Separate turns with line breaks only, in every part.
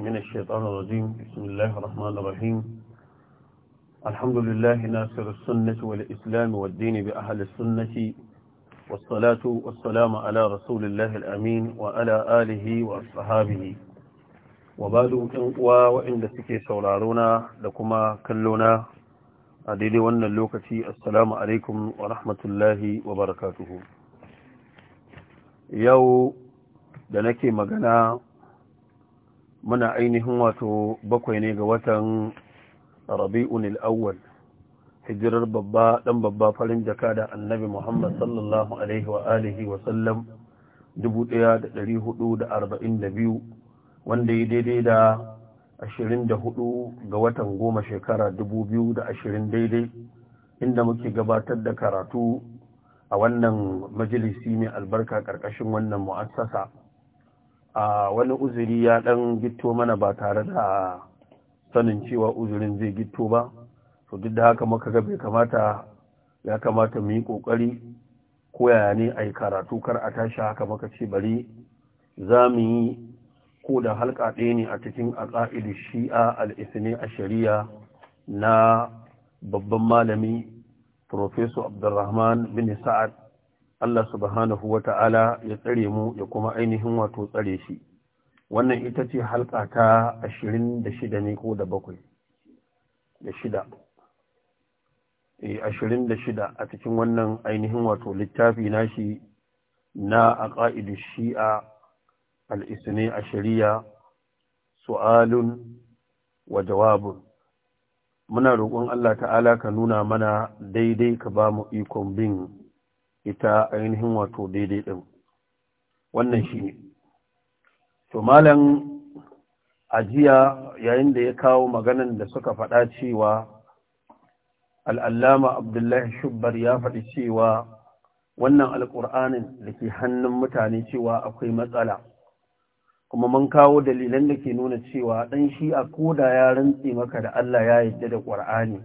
من الشيطان الرجيم بسم الله الرحمن الرحيم الحمد لله ناصر السنة والإسلام والدين بأهل السنة والصلاة والسلام على رسول الله الأمين وعلى آله وأصحابه وبعد وإن لسكي سولارونا لكما كلنا أدلي وأن اللوكتي السلام عليكم ورحمة الله وبركاته يو da nake magana muna ainihin wato bakwai ne ga watan rabi'un al'awwal hijirar babba dan babba farin jaka da annabi muhammad sallallahu alaihi wa alihi wa sallam 1442 wanda ya daidai da 24 ga watan goma shekara 2020 daidai inda muke gabatar da karatu a wannan majalisi mai albarka ƙarƙashin wannan mu'assasa a wani uzuri ya dan gitto mana ba tare da sanin cewa uzurin zai gitto ba to duk da haka muka ga bai kamata ya kamata mu yi kokari ko yaya ne a karatu kar a tashi haka muka ce bari za mu yi ko da halka ɗaya ne a cikin al'a'idu shi'a al a shari'a na babban malami professor Abdurrahman bin Sa'ad Allah subhanahu wa ta'ala ya tsare mu ya kuma ainihin wato tsare shi wannan ita ce halka ta ashirin da shida ne ko da bakwai da shida eh, ashirin da shida a cikin wannan ainihin wato littafi na shi na a ƙa'idu shi'a al'isne a shari'a su'alun wa jawabun muna roƙon Allah ta'ala ka nuna mana daidai ka ba mu ikon bin ita ainihin wato daidai ɗin wannan shi ne to malam ajiya yayin da ya kawo maganan da suka faɗa cewa al'allama abdullahi shubbar ya faɗi cewa wannan alƙur'anin da ke hannun mutane cewa akwai matsala kuma mun kawo dalilan da ke nuna cewa ɗan shi a koda ya rantse maka da Allah ya yadda da ƙur'ani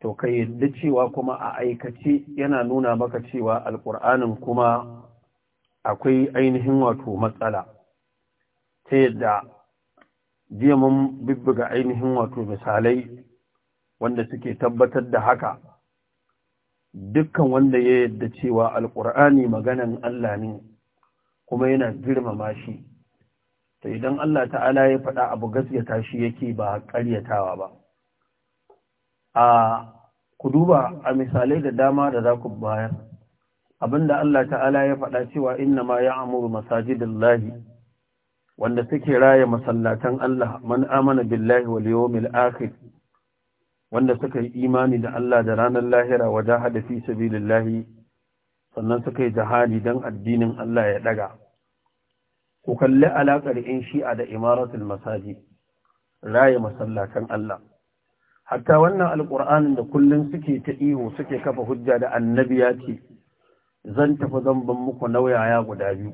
to ka yadda cewa kuma a aikace yana nuna maka cewa alƙur'anin kuma akwai ainihin wato matsala ta yadda jiya mun bibbiga ainihin wato misalai wanda suke tabbatar da haka dukkan wanda ya yadda cewa alƙur'ani maganan Allah ne kuma yana girmama shi to idan Allah ta'ala ya faɗa abu gaskata shi yake ba ƙaryatawa ba a ku duba a misalai da dama da za ku bayar abinda Allah ta'ala ya faɗa cewa inna ma ya amuru masajidillahi wanda suke raya masallatan Allah man amana billahi wal yawmil akhir wanda suka yi imani da Allah da ranar lahira wa jahada fi sabilillahi sannan suka yi jihadi dan addinin Allah ya daga ku kalli alaƙar in shi'a da imaratul masajid raya masallatan Allah hatta wannan alƙur'anin da kullum suke ta ihu suke kafa hujja da annabi ya ce zan tafi zan muku nauyaya guda biyu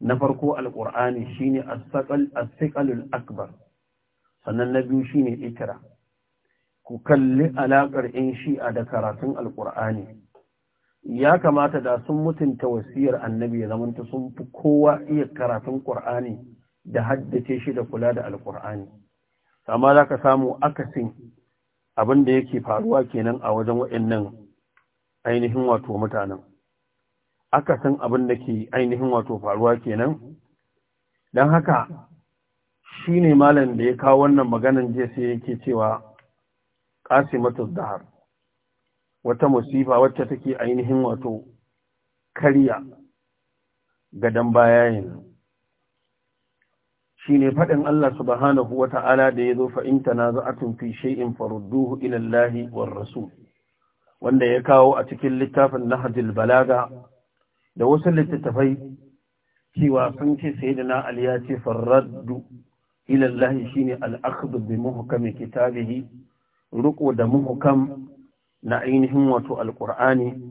na farko alƙur'ani shine as-saqalul akbar sannan na biyu shine ikra ku kalli alaƙar in shi'a da karatun alƙur'ani ya kamata da sun mutunta wasiyar annabi ya zamanta sun fi kowa iya karatun ƙur'ani da haddace shi da kula da alƙur'ani amma za ka samu akasin abin da yake faruwa kenan a wajen waɗannan ainihin wato mutanen akasin abin da ke ainihin wato faruwa kenan don haka shi ne malam da ya kawo wannan maganin jiya sai yake cewa ƙasimatus dahar wata musifa wacce take ainihin wato karya gadon baya yanzu shine faɗin Allah subhanahu wa ta'ala da ya zo fa'inta na na za'atun fi shai'in farudduhu ilallahi war rasul wanda ya kawo a cikin littafin nahajil balaga da wasu littattafai cewa sun ce sai da na aliya ce farraddu ilallahi shine al'akhdu bi muhukami kitabihi riƙo da muhukam na ainihin wato alƙur'ani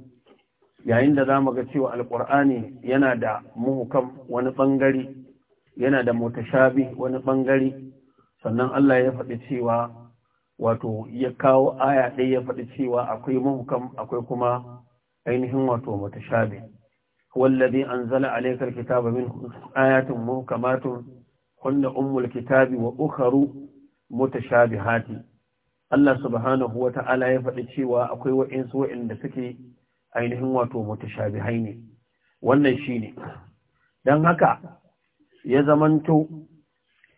yayin da za mu ga cewa alƙur'ani yana da muhukam wani ɓangare yana da mutashabi wani bangare sannan Allah ya faɗi cewa wato ya kawo aya ɗaya ya faɗi cewa akwai muhkam akwai kuma ainihin wato mutashabi wallazi anzala alaykal kitaba minhu ayatun muhkamatun hunna ummul kitabi wa ukharu mutashabihati Allah subhanahu wa ta'ala ya faɗi cewa akwai wa'insu wa'inda suke ainihin wato mutashabihai ne wannan shine dan haka ya zamanto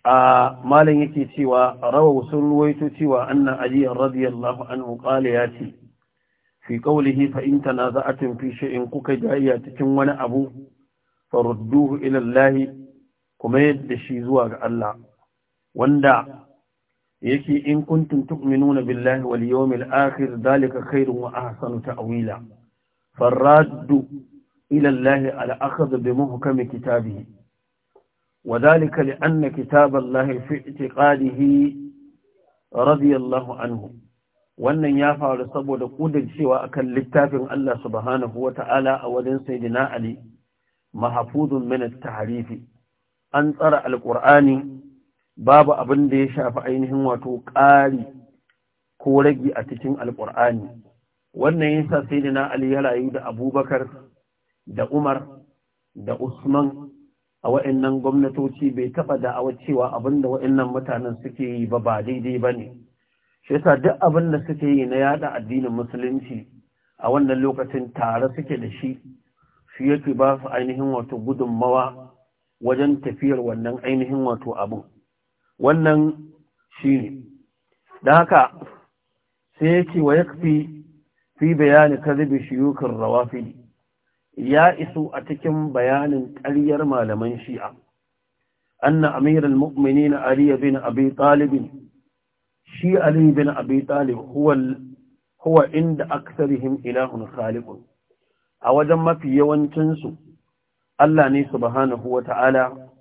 a malam yake cewa rawa sun ruwaito cewa anna ajiyar radiyallahu anhu qala ya ce fi qawlihi fa a tanaza'atum shi in kuka jayya cikin wani abu farudduhu ila Allah kuma yadda shi zuwa ga Allah wanda yake in kuntum tu'minuna billahi wal yawmil akhir dalika khairun wa ahsanu ta'wila faraddu ila Allah al akhadh bi muhkami kitabihi وذلك لأن كتاب الله في اعتقاده رضي الله عنه wannan ya faru saboda kudin cewa akan littafin Allah subhanahu wa ta'ala a wajen sayyidina Ali mahafuzun min at-tahrifi an tsara alƙur'ani babu abin da ya shafi ainihin wato ƙari ko ragi a cikin alƙur'ani wannan yasa sayyidina Ali ya rayu da Abubakar da Umar da Usman a wa'annan gwamnatoci bai taɓa da'awa cewa abinda da wa'annan mutanen suke yi ba ba daidai ba ne shi yasa duk abin da suke yi na yada addinin musulunci a wannan lokacin tare suke da shi shi yake ba su ainihin wato gudunmawa wajen tafiyar wannan ainihin wato abu wannan shi ne da haka sai yake wa ya fi bayani kazibi shiyukan rawafidi ya iso a cikin bayanin ƙaryar malaman shi'a anna amiral mu'minin ali bin abi talib shi Aliyu bin abi talib huwa inda aksarihim ilahun khaliqun a wajen mafi yawancinsu su Allah ne subhanahu ta'ala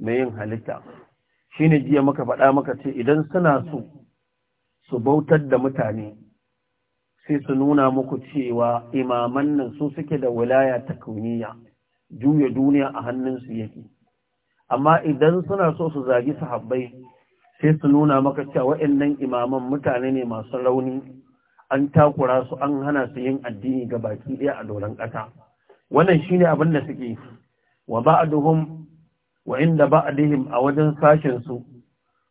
mai yin halitta shine jiya muka faɗa maka ce idan suna so su bautar da mutane sai su nuna muku cewa imaman nan su suke da wilaya ta kauniya juya duniya a hannunsu yake amma idan suna so su zagi sahabbai sai su nuna maka cewa waɗannan imaman mutane ne masu rauni an takura su an hana su yin addini ga baki ɗaya a doron ƙasa wannan shine abin da suke wa ba'duhum wa inda ba'dihim a wajen sashen su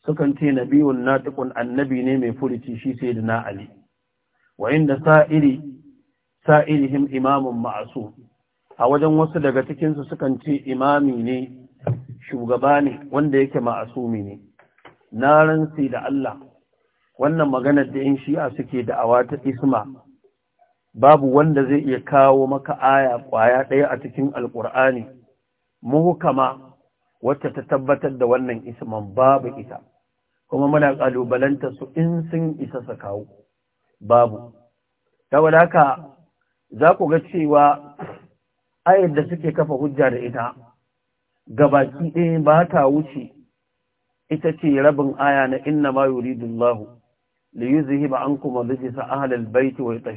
sukan ce nabiyun natiqun annabi ne mai furuci shi sai da na ali wa inda sa'iri sa'irihim imamun ma'asu a wajen wasu daga cikinsu sukan ce imami ne shugaba ne wanda yake ma'asumi ne na ransi da Allah wannan maganar da 'yan shi'a suke da'awa ta isma babu wanda zai iya kawo maka aya kwaya ɗaya a cikin alƙur'ani muhukama wacce ta tabbatar da wannan isman babu ita kuma muna ƙalubalanta su in sun isa su kawo babu saboda haka za ku ga cewa ayar da suke kafa hujja da ita Ga baki ɗaya ba ta wuce ita ce rabin aya na inna ma yuridullahu li yuzhiba ankum rijsa ahli baiti wa ta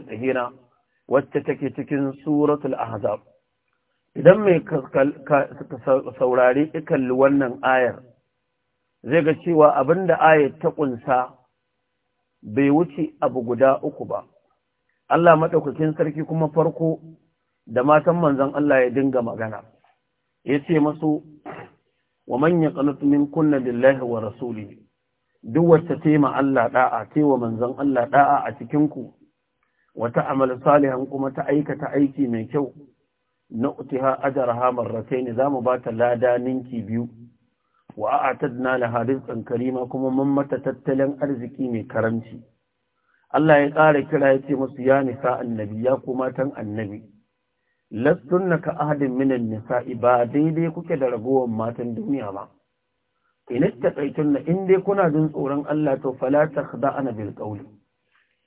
tatheera wacce take cikin suratul ahzab idan mai saurare ikalli wannan ayar zai ga cewa abinda ayar ta ƙunsa. bai wuce abu guda uku ba Allah maɗaukakin sarki kuma farko da matan manzon Allah ya dinga magana ya ce masu wa manyan ƙanatunin kunna lillahi wa rasuli duk wacce ce ma Allah ɗa'a ce wa manzon Allah ɗa'a a cikinku? wata amal salihan kuma ta aikata aiki mai kyau na utiha ne za za ba ta lada ninki biyu wa a'tadna laha tsankari karima kuma mun mata tattalin arziki mai karamci Allah ya ƙara kira ya ce musu ya nisa annabi ya kuma tan annabi lastunna ka ahadin minan nisa'i ba daidai kuke da ragowar matan duniya ba in na in dai kuna jin tsoron Allah to fala takhda'na bil qawli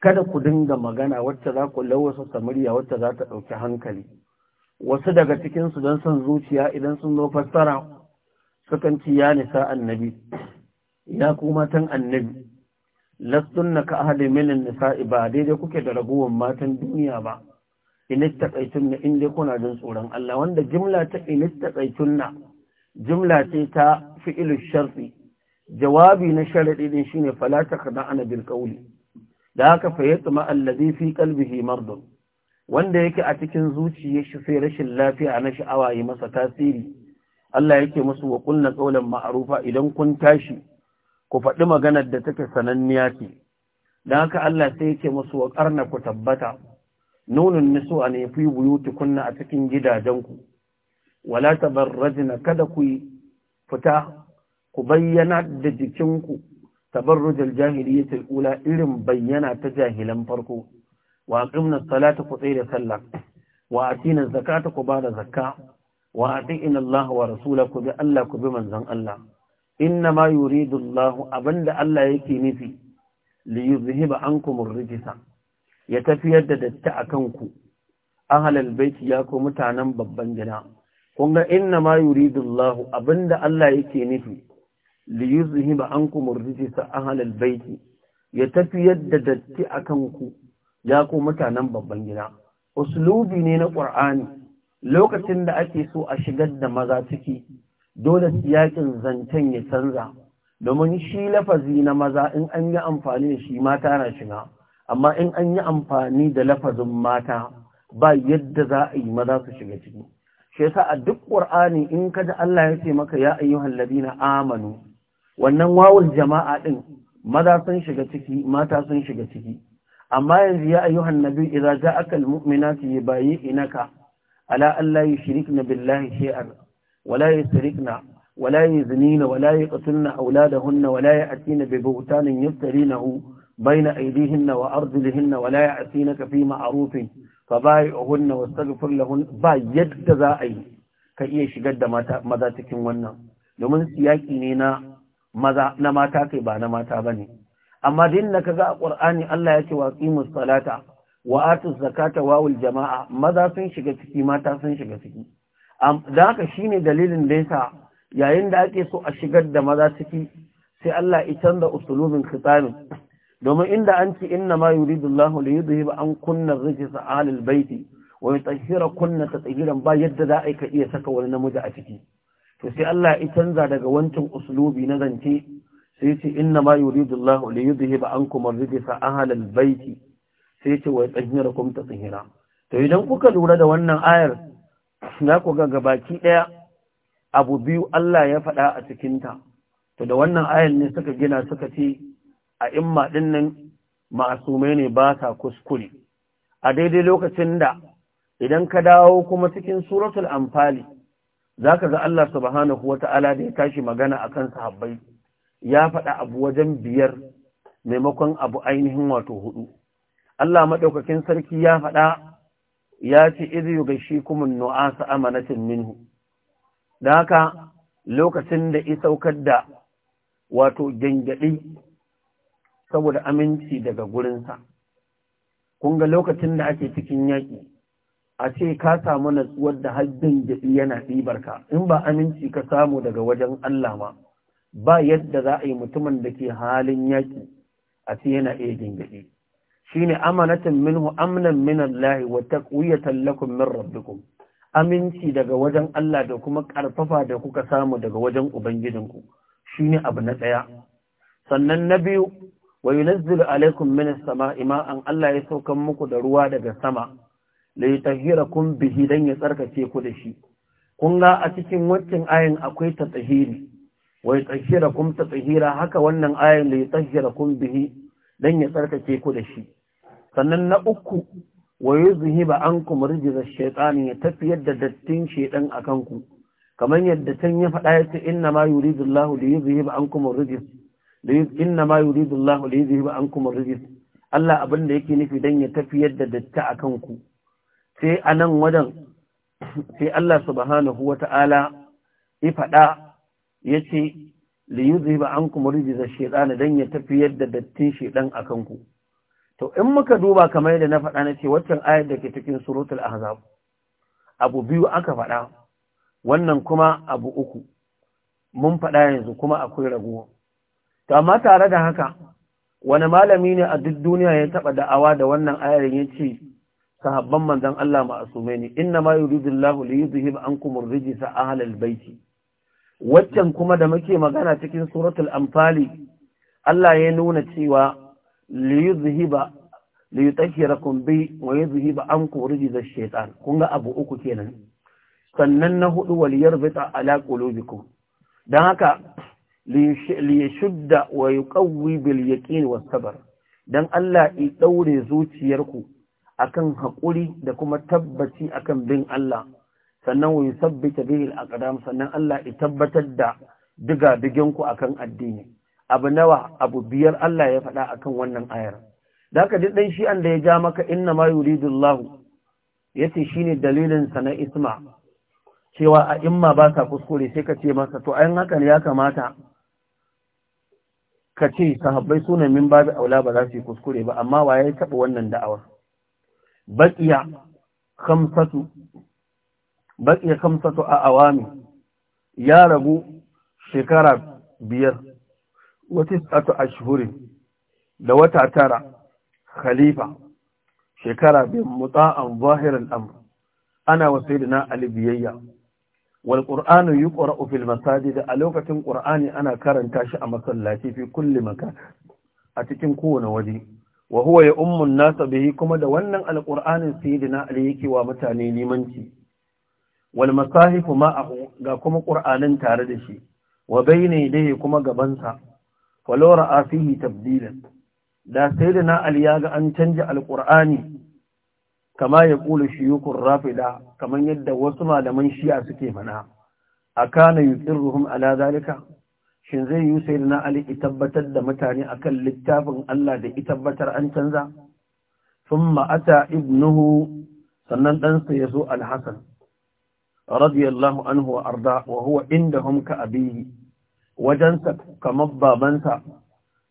kada ku dinga magana wacce za ku lawasa samariya wacce za ta ɗauki hankali wasu daga cikin don son zuciya idan sun zo fassara sukan ci ya nisa annabi ya ku matan annabi lastunna ka ahli min nisa'i ba daidai kuke da ragowar matan duniya ba inistaqaitunna in dai kuna jin tsoron Allah wanda jimla ta inistaqaitunna jimla ce ta fi'ilu sharfi jawabi na sharadi din shine fala taqda'na bil qawli da haka faye yatma alladhi fi qalbihi mardun wanda yake a cikin zuciyar shi sai rashin lafiya na sha'awa yi masa tasiri Allah yake musu wa kunna qawlan ma'rufa idan kun tashi ku faɗi maganar da take sananniya ce dan haka Allah sai yake musu wa qarna ku tabbata nunun nisu an buyutu kunna a cikin gidajenku wala tabarrajna kada ku fita ku bayyana da jikinku jahiliya ta ƙula irin bayyana ta jahilan farko wa aqimna salata ku tsaye da sallah wa atina zakata ku ba da zakka wa ati'ina Allah wa ku bi Allah ku bi manzon Allah inna ma yuridu Allah abinda Allah yake nufi li yuzhiba ankum ar-rijsa ya tafiyar da datti akan ku ahlal baiti ya ko mutanen babban gida kun ga inna ma yuridu Allah abinda Allah yake nufi li yuzhiba ankum ar-rijsa ahlal baiti ya tafiyar da datti akan ku ya ko mutanen babban gida uslubi ne na Qur'ani lokacin da ake so a shigar da maza ciki dole yakin zancen ya canza domin shi lafazi na maza in an yi amfani da shi mata na shiga amma in an yi amfani da lafazin mata ba yadda za a yi maza su shiga ciki shi yasa a duk qur'ani in ka Allah ya ce maka ya ayyuhal ladina amanu wannan wawul jama'a din maza sun shiga ciki mata sun shiga ciki amma yanzu ya ayyuhan nabi idza ja'aka almu'minatu yubayyi'naka ala Allah ya shirikna billahi shay'an wala yusrikna wala yuznina wala yaqtulna auladahunna wala ya'tina bi buhtanin yaftarinahu bayna aydihinna wa arjulihinna wala ya'tinaka fi ma'rufin fabai'uhunna wastaghfir lahun ba yadda za a yi ka iya shigar da maza cikin wannan domin siyaki ne na maza na mata kai ba na mata bane amma din da kaga a Qur'ani Allah ya ce wa qimus salata wa atu zakata wawul jama'a maza sun shiga ciki mata sun shiga ciki da haka shine dalilin da yasa yayin da ake so a shigar da maza ciki sai Allah ya canza usulubin khitabi domin inda an ce inna ma yuridu Allahu li an kunna rijsa ahlil baiti wa yutahhira kunna tathiran ba yadda za a iya saka wani namiji a ciki to sai Allah ya canza daga wancan usulubi na zance sai ya ce inna ma yuridu Allahu li yudhhiba ankum rijsa ahlil baiti sai ce wai tsahira kuma ta tsahira to idan kuka lura da wannan ayar za ku ga gabaki ɗaya abu biyu Allah ya faɗa a cikinta to da wannan ayar ne suka gina suka ce a imma ɗin nan ma'asumai ne ba sa kuskure a daidai lokacin da idan ka dawo kuma cikin suratul anfali za ka ga Allah subhanahu wa ta'ala da ya tashi magana a kan sahabbai ya faɗa abu wajen biyar maimakon abu ainihin wato hudu. Allah maɗaukakin sarki ya faɗa ya ce izu ga shi kuma nu'asa amanatin minhu da haka lokacin da saukar da wato gyangyaɗi saboda aminci daga gurinsa kun ga lokacin da ake cikin yaƙi a ce ka samu natsuwar da har gyaɗi yana ɗibarka in ba aminci ka samu daga wajen Allah ma ba yadda za a yi mutumin da ke halin yaƙi a ce yana iya gingaɗi shine amanatan minhu amnan min Allah wa taqwiyatan lakum min rabbikum aminci daga wajen Allah da kuma karfafa da kuka samu daga wajen ubangijinku shine abu na tsaya sannan na biyu wa yunazzilu alaikum min as-sama'i ma'an Allah ya saukan muku da ruwa daga sama li tahirakum bihi dan ya tsarkake ku da shi kun ga a cikin wancan ayin akwai ta-tahiri, tahiri wa ta-tahira haka wannan ayin li tahirakum bihi dan ya tsarkake ku da shi sannan na uku wa yuzhiba ankum rijza shaitani ya tafi yadda dattin shaytan a kanku. kamar yadda can ya faɗa ya ce inna ma yuridu Allahu li yuzhiba ankum rijza inna ma yi zuhi ba an ankum rijza Allah abin da yake nufi dan ya tafi yadda datti a kanku. sai a nan wajen sai Allah subhanahu wata'ala ya faɗa yace li yuzhiba ankum rijza shaitani dan ya tafi yadda dattin shaytan a kanku. to in muka duba kamar yadda na faɗa na ce waccan ayar da ke cikin suratul ahzab abu biyu aka faɗa wannan kuma abu uku mun faɗa yanzu kuma akwai raguwa to amma tare da haka wani malami ne a duk duniya ya taɓa da'awa da wannan ayar ya ce sahabban manzon Allah ma'asume ne inna ma yuridullahu li yuzhib ankum ar-rijsa ahlal baiti waccan kuma da muke magana cikin suratul anfali Allah ya nuna cewa liyuzhiba liyutahhirakum bi wa yuzhiba ankum rijza ash-shaytan kun ga abu uku kenan sannan na hudu wal yarbita ala qulubikum dan haka yashudda wa yuqawwi bil yaqin was sabr dan Allah i daure zuciyarku akan haƙuri da kuma tabbaci akan bin Allah sannan wa yusabbita bihi al-aqdam sannan Allah i tabbatar da diga diginku akan addini abu nawa abu biyar Allah ya faɗa akan wannan ayar da ka duk ɗan shi'an da ya ja maka inna ma ya yace shine dalilin sa na isma cewa a imma ba sa kuskure sai ka ce masa to ayin hakan ya kamata ka ce sahabbai suna min babu aula ba za su yi kuskure ba amma wa ya taɓa wannan da'awar baqiya kamsatu, a awami ya ragu shekara biyar wata tsata ashirin da wata tara khalifa shekara bin mutsa'an zahirar amur ana wasu da na alibiyayya wal yi ƙura'u fil masajid a lokacin ƙur'ani ana karanta shi a masallaci fi kulli maka a cikin kowane waje wa huwa ya ummun nasa bihi kuma da wannan alƙur'anin sayyidina ali yake wa mutane limanci wal masahifu ma'ahu ga kuma ƙur'anin tare da shi wa bayne dai kuma gabansa walau ra'a fihi tabdilan da sayyidina ali ya ga an canja Alƙur'ani. kama ya kula shiyukun rafida kamar yadda wasu malaman shi'a suke mana kana yuqirruhum ala alazalika shin zai yi da ali ya tabbatar da mutane akan littafin Allah da ita tabbatar an canza Sun ata ibnuhu sannan ɗansa ya zo alhassan radiyallahu anhu wa arda wa huwa indahum ka abihi wajensa kamar babansa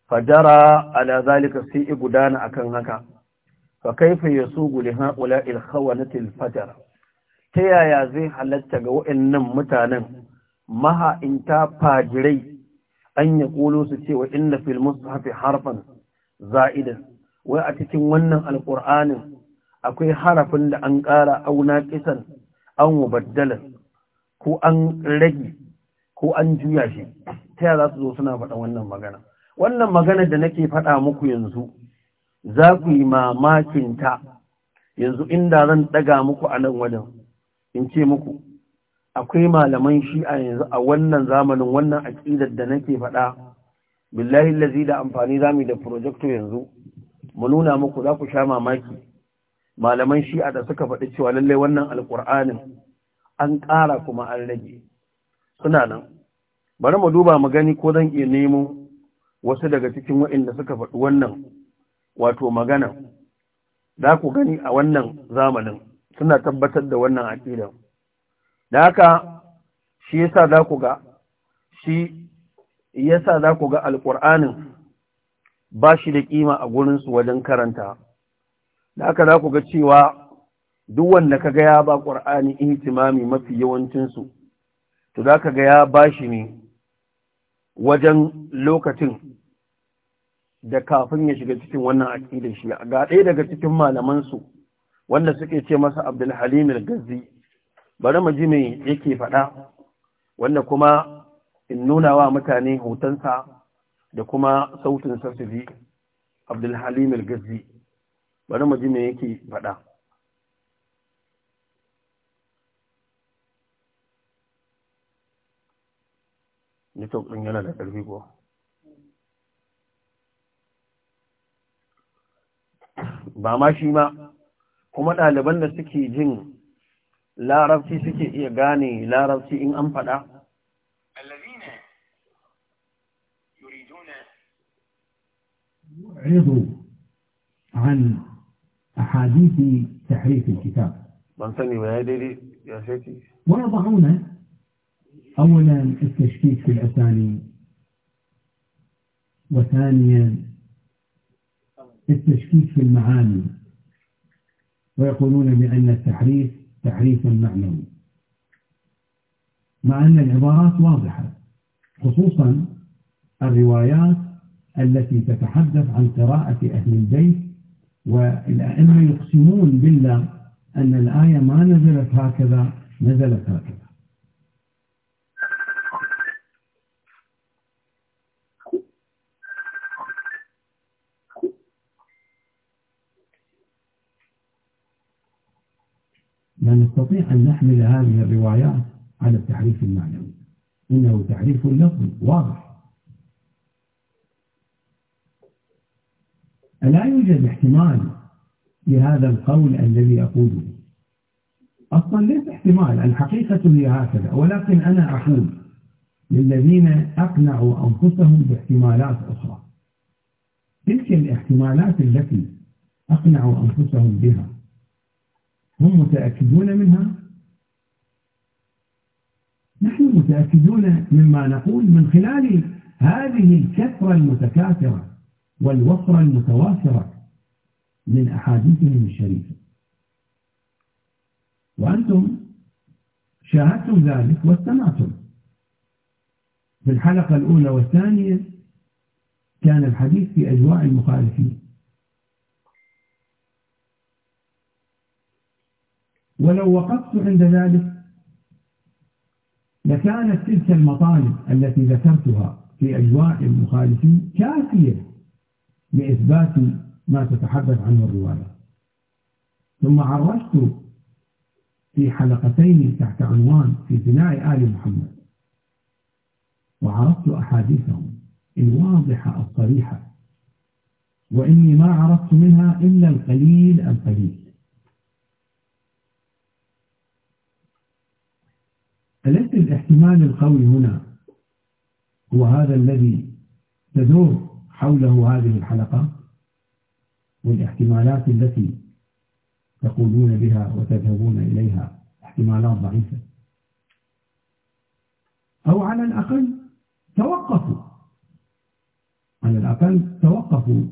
fajara ala zalika sai yi gudana akan haka fa kaifa yasugu li haula il khawanati al ta yaya zai halatta ga waɗannan mutanen maha in ta fajirai an ya su ce wa inna fil mushafi harfan za'idan wai a cikin wannan alƙur'anin akwai harafin da an ƙara auna kisan an mubaddalan ko an rage ko an juya shi ta yaya za su zo suna faɗa wannan magana wannan magana da nake faɗa muku yanzu za ku yi mamakin ta yanzu inda zan ɗaga muku a nan wajen in ce muku akwai malaman shi'a yanzu a wannan zamanin wannan aƙidar da nake faɗa billahi lazi da amfani zamu da projecto yanzu mu nuna muku za ku sha mamaki malaman shi'a da suka faɗi cewa lallai wannan alƙur'anin an ƙara kuma an rage suna nan bari mu duba mu gani ko zan iya nemo wasu daga cikin waɗanda suka faɗi wannan wato magana da ku gani a wannan zamanin suna tabbatar da wannan aƙidan da haka shi yasa za ku ga shi yasa za ku ga alƙur'anin ba shi da ƙima a gurinsu wajen karanta da haka za ku ga cewa duk wanda ka ga ya ba ƙur'ani ihtimami mafi yawancinsu to za ka ga ya bashi ne wajen lokacin da kafin ya shiga cikin wannan aƙidar shi ga ɗaya daga cikin malamansu wanda suke ce masa abdulhalim al-gazi bari mu ji me yake faɗa wanda kuma in nuna wa mutane hotonsa da kuma sautin sa su ji gazi bari mu ji me yake faɗa network ɗin yana da ƙarfi kuwa ba ma shi ma kuma ɗaliban da suke jin larabci suke iya gane larabci in an faɗa
عرضوا عن أحاديث تحريف الكتاب
من سني ويا ديري يا شيخي
ويضعون أولا التشكيك في الأسانيد وثانيا التشكيك في المعاني ويقولون بأن التحريف تحريف معنوي مع أن العبارات واضحة خصوصا الروايات التي تتحدث عن قراءة أهل البيت والأئمة يقسمون بالله أن الآية ما نزلت هكذا نزلت هكذا لا نستطيع أن نحمل هذه الروايات على التحريف المعنوي إنه تحريف اللفظ واضح ألا يوجد احتمال لهذا القول الذي أقوله أصلا ليس احتمال الحقيقة هي هكذا ولكن أنا أقول للذين أقنعوا أنفسهم باحتمالات أخرى تلك الاحتمالات التي أقنعوا أنفسهم بها هم متأكدون منها نحن متأكدون مما نقول من خلال هذه الكثرة المتكاثرة والوفرة المتوافرة من أحاديثهم الشريفة وأنتم شاهدتم ذلك واستمعتم في الحلقة الأولى والثانية كان الحديث في أجواء المخالفين ولو وقفت عند ذلك لكانت تلك المطالب التي ذكرتها في أجواء المخالفين كافية لإثبات ما تتحدث عنه الرواية ثم عرجت في حلقتين تحت عنوان في بناء آل محمد وعرضت أحاديثهم الواضحة الصريحة وإني ما عرفت منها إلا القليل القليل أليس الاحتمال القوي هنا هو هذا الذي تدور حوله هذه الحلقة والاحتمالات التي تقولون بها وتذهبون إليها احتمالات ضعيفة أو على الأقل توقفوا على الأقل توقفوا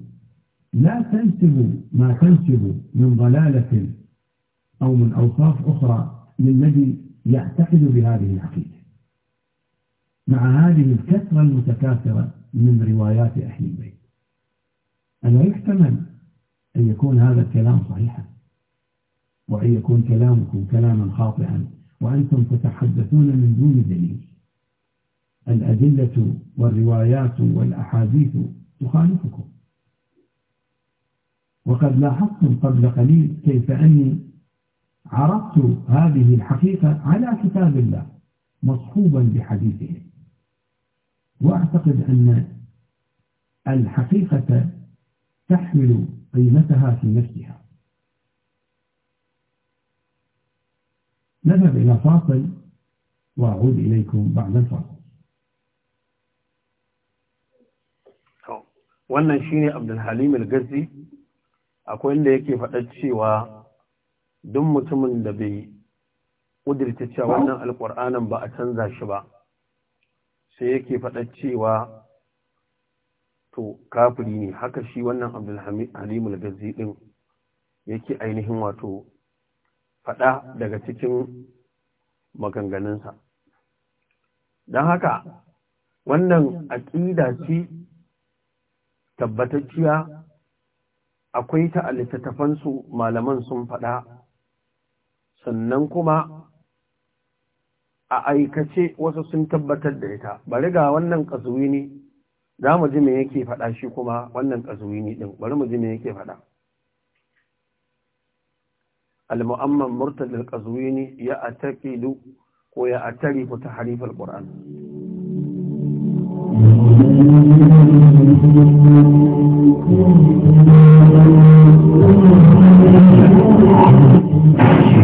لا تنسبوا ما تنسبوا من ضلالة أو من أوصاف أخرى للذي يعتقد بهذه العقيدة مع هذه الكثرة المتكاثرة من روايات أهل البيت ألا يحتمل أن يكون هذا الكلام صحيحا وأن يكون كلامكم كلاما خاطئا وأنتم تتحدثون من دون دليل الأدلة والروايات والأحاديث تخالفكم وقد لاحظتم قبل قليل كيف أني عرضت هذه الحقيقة على كتاب الله مصحوبا بحديثه وأعتقد أن الحقيقة تحمل قيمتها في نفسها نذهب إلى فاصل وأعود إليكم بعد الفاصل
طيب. wannan shine Halim Al-Gazi akwai wanda yake faɗa cewa duk mutumin da bai ƙudirta cewa wannan alƙur'anin ba a canza shi ba sai yake faɗa cewa to kafiri ne haka shi wannan abdulhalimul gazi ɗin yake ainihin wato faɗa daga cikin maganganunsa don haka wannan aƙida ce tabbatacciya akwai ta a littattafansu malaman sun faɗa sannan kuma a aikace wasu sun tabbatar da ita bari ga wannan ne, za mu ji me yake faɗa shi kuma wannan ne ɗin bari mu ji me yake faɗa al-mu'amman murtad al-qazwini ya ataqidu ko ya atarifu tahrif al-qur'an Thank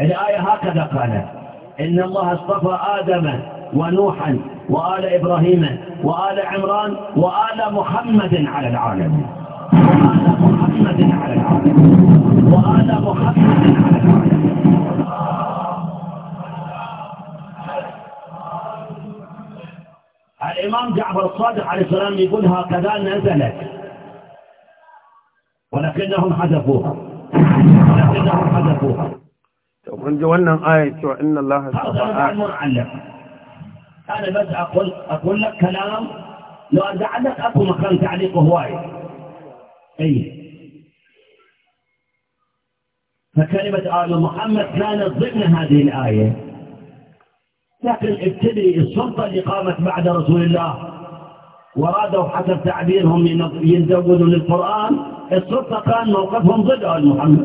الآية هكذا قالت إن الله اصطفى آدم ونوحا وآل إبراهيم وآل عمران وآل محمد على العالم وآل
محمد على العالم
وآل محمد على العالم الإمام جعفر الصادق عليه السلام يقول هكذا نزلت ولكنهم حذفوها ولكنهم حذفوها kun ji wannan ayat الله inna Allah
أنا بس أقول أقول لك كلام لو أرجع لك أكو مكان تعليق هواي أي فكلمة آل محمد كانت ضمن هذه الآية لكن ابتدي السلطة اللي قامت بعد رسول الله
ورادوا حسب تعبيرهم يزودوا للقرآن السلطة كان موقفهم ضد آل محمد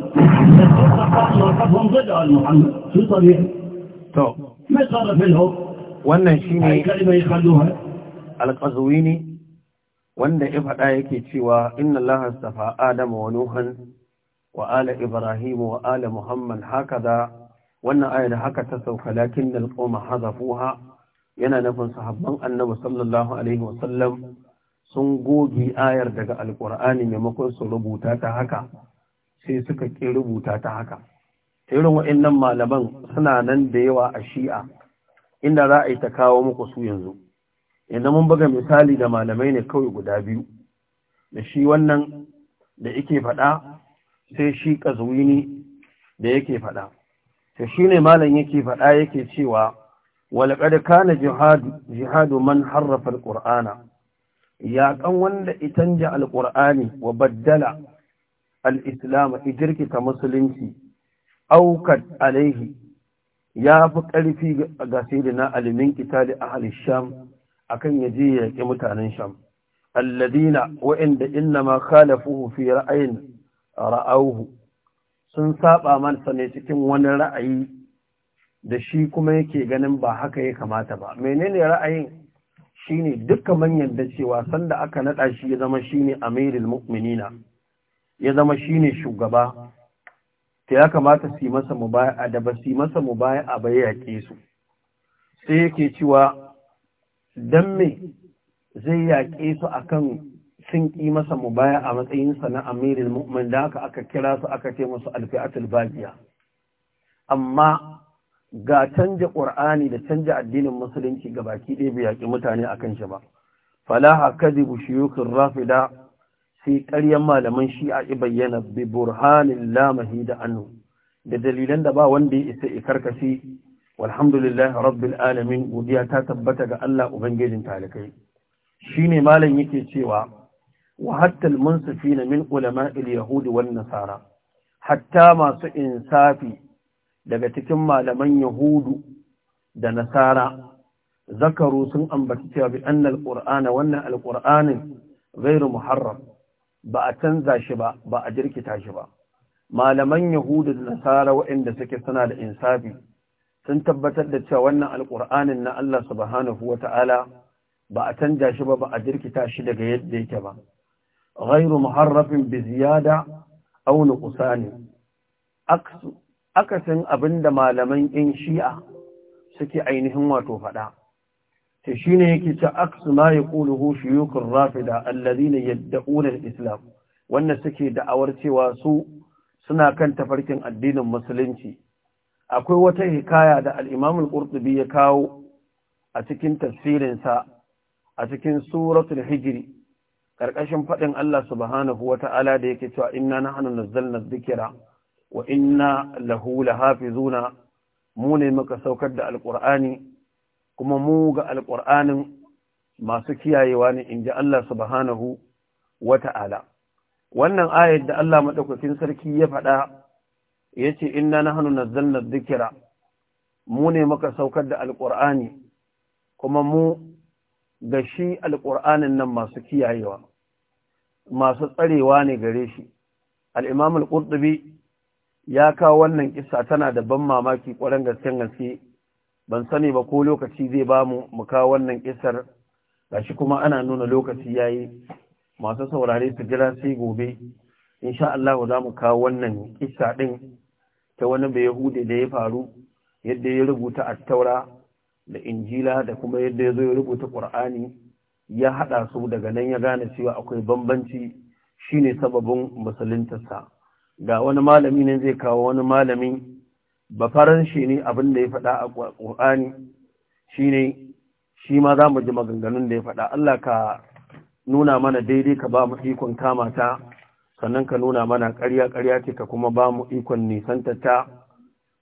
السلطة كان موقفهم ضد آل محمد شو طبيعي؟ طب ما يصرف لهم wannan shine كلمة يخلوها القزويني wanda ya faɗa yake cewa inna allaha astafa adama wa nuhan wa ala ibrahim wa ala muhammad wannan aya da haka ta sauka lakin da alƙoma hazafuha yana nufin sahabban annabi sallallahu alaihi wasallam sun goge ayar daga alƙur'ani maimakon su rubuta ta haka sai suka ƙi rubuta ta haka irin wa'annan malaman suna nan da yawa a shi'a inda za a yi ta kawo muku su yanzu yanzu mun buga misali da malamai ne kawai guda biyu da shi wannan da yake faɗa sai shi ƙazuwini da yake faɗa shi ne malam yake faɗa yake cewa walqad kana jihadu jihadu man harrafa alqur'ana yaƙan wanda itanja alqur'ani wa baddala al-islam ijirkita musulunci aukat alaihi ya fi ƙarfi ga na alimin kitali ahli sham akan yaje yaƙi mutanen sham alladina wa'inda inna ma khalafuhu fi ra'ayin ra'auhu sun saba masa ne cikin wani ra'ayi da shi kuma yake ganin ba haka ya kamata ba menene ra'ayin shine duka manyan da cewa sanda aka nada shi ya zama shine amirul mu'minina ya zama shine shugaba ta ya kamata su yi masa mubaya'a da ba su yi masa mubaya'a ba ya su sai yake cewa dan me zai yaƙe su akan sun ƙi masa mu baya a matsayinsa na amirin mu'min da aka aka kira su aka ce musu alfi'atul baqiya amma ga canja ƙur'ani da canja addinin musulunci ga baki ɗaya bai yaƙi mutane akan shi ba falaha kadhibu shuyukur rafida sai ƙaryan malaman shi'a i bayyana bi burhanin la mahida anhu da dalilan da ba wanda ya isa karkashi walhamdulillah rabbil alamin godiya ta tabbata ga Allah ubangijin talikai shine malam yake cewa wa hatta al-munsifina min ulama al-yahudi wan nasara hatta masu insafi daga cikin malaman yahudu da nasara zakaru sun ambaci cewa bi anna al wannan al-qur'anin ghairu muharram ba a canza shi ba ba a jirkita shi ba malaman yahudu da nasara waɗanda suke suna da insafi sun tabbatar da cewa wannan alƙur'anin na Allah subhanahu ta'ala ba a canza shi ba ba a jirkita shi daga yadda yake ba غير محرف بزيادة أو نقصان أكس أكس أبن ما لمن إن شيء سكي عينهم وتفدا تشيني يكي أكس ما يقوله شيوك الرافدة الذين يدعون الإسلام وأن سكي دعورتي واسو سنا كان تفركن الدين المسلمتي أكوي wata hikaya دع الإمام القرطبي يكاو أتكين a سا أتكين سورة الحجري ƙarƙashin faɗin Allah subhanahu wa da yake cewa inna na hannun nazzalna zikira wa inna lahu lahafizuna mu ne muka saukar da alƙur'ani kuma mu ga alƙur'anin masu kiyayewa ne in ji Allah subhanahu wa wannan ayar da Allah maɗaukakin sarki ya faɗa ya ce inna na hannun nazzalna zikira mu ne muka saukar da alƙur'ani kuma mu ga shi alƙur'anin nan masu kiyayewa masu tsarewa ne gare shi al'imam al'urɗubi ya kawo wannan ƙisa tana da ban mamaki ƙwarar gasken gaske ban sani ba ko lokaci zai ba mu kawo wannan kisar gashi kuma ana nuna lokaci ya yi. masu saurare su jira sai gobe insha Allah za mu kawo wannan ƙisa ɗin ta wani bai hude da ya faru yadda ya rubuta a taura da injila da kuma yadda ya zo ya rubuta ƙur'ani ya haɗa su daga nan ya gane cewa akwai bambanci shine sababin musuluntarsa ga wani malami ne zai kawo wani malami ba faran ne abin da ya faɗa a ƙur'ani shine shi ma za mu ji maganganun da ya faɗa Allah ka nuna mana daidai ka ba mu ikon kama ta sannan ka nuna mana ƙarya ƙarya ce ka kuma ba mu ikon nisantata ta